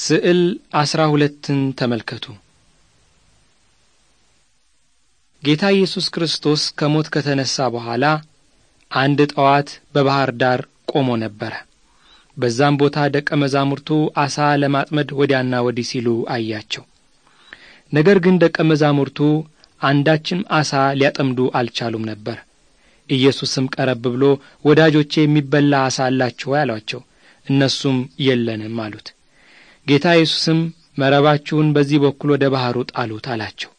ስዕል አስራ ሁለትን ተመልከቱ። ጌታ ኢየሱስ ክርስቶስ ከሞት ከተነሳ በኋላ አንድ ጠዋት በባሕር ዳር ቆሞ ነበረ። በዛም ቦታ ደቀ መዛሙርቱ አሳ ለማጥመድ ወዲያና ወዲህ ሲሉ አያቸው። ነገር ግን ደቀ መዛሙርቱ አንዳችም አሳ ሊያጠምዱ አልቻሉም ነበር። ኢየሱስም ቀረብ ብሎ ወዳጆቼ የሚበላ አሳ አላችሁ አሏቸው። እነሱም የለንም አሉት። ጌታ ኢየሱስም መረባችሁን በዚህ በኩል ወደ ባሕሩ ጣሉት አላቸው።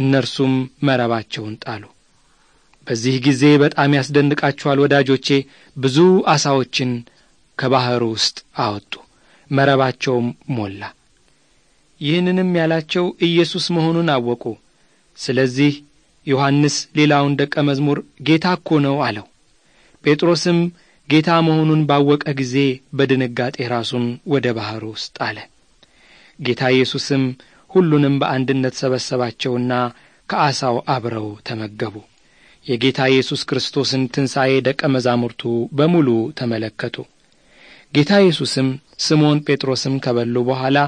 እነርሱም መረባቸውን ጣሉ። በዚህ ጊዜ በጣም ያስደንቃችኋል ወዳጆቼ፣ ብዙ ዓሣዎችን ከባሕሩ ውስጥ አወጡ፣ መረባቸውም ሞላ። ይህንንም ያላቸው ኢየሱስ መሆኑን አወቁ። ስለዚህ ዮሐንስ ሌላውን ደቀ መዝሙር ጌታ እኮ ነው አለው። ጴጥሮስም ጌታ መሆኑን ባወቀ ጊዜ በድንጋጤ ራሱን ወደ ባሕር ውስጥ አለ። ጌታ ኢየሱስም ሁሉንም በአንድነት ሰበሰባቸውና ከዓሣው አብረው ተመገቡ። የጌታ ኢየሱስ ክርስቶስን ትንሣኤ ደቀ መዛሙርቱ በሙሉ ተመለከቱ። ጌታ ኢየሱስም ስምዖን ጴጥሮስም ከበሉ በኋላ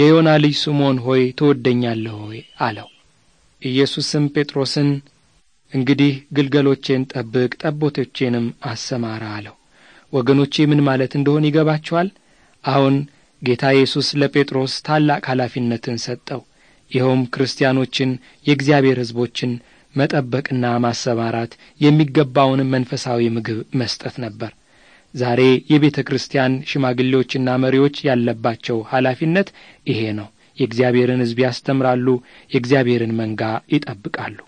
የዮና ልጅ ስምዖን ሆይ ትወደኛለህ ሆይ አለው። ኢየሱስም ጴጥሮስን እንግዲህ ግልገሎቼን ጠብቅ፣ ጠቦቶቼንም አሰማራ አለው። ወገኖቼ ምን ማለት እንደሆን ይገባችኋል? አሁን ጌታ ኢየሱስ ለጴጥሮስ ታላቅ ኃላፊነትን ሰጠው። ይኸውም ክርስቲያኖችን፣ የእግዚአብሔር ሕዝቦችን መጠበቅና ማሰማራት፣ የሚገባውንም መንፈሳዊ ምግብ መስጠት ነበር። ዛሬ የቤተ ክርስቲያን ሽማግሌዎችና መሪዎች ያለባቸው ኃላፊነት ይሄ ነው። የእግዚአብሔርን ሕዝብ ያስተምራሉ፣ የእግዚአብሔርን መንጋ ይጠብቃሉ።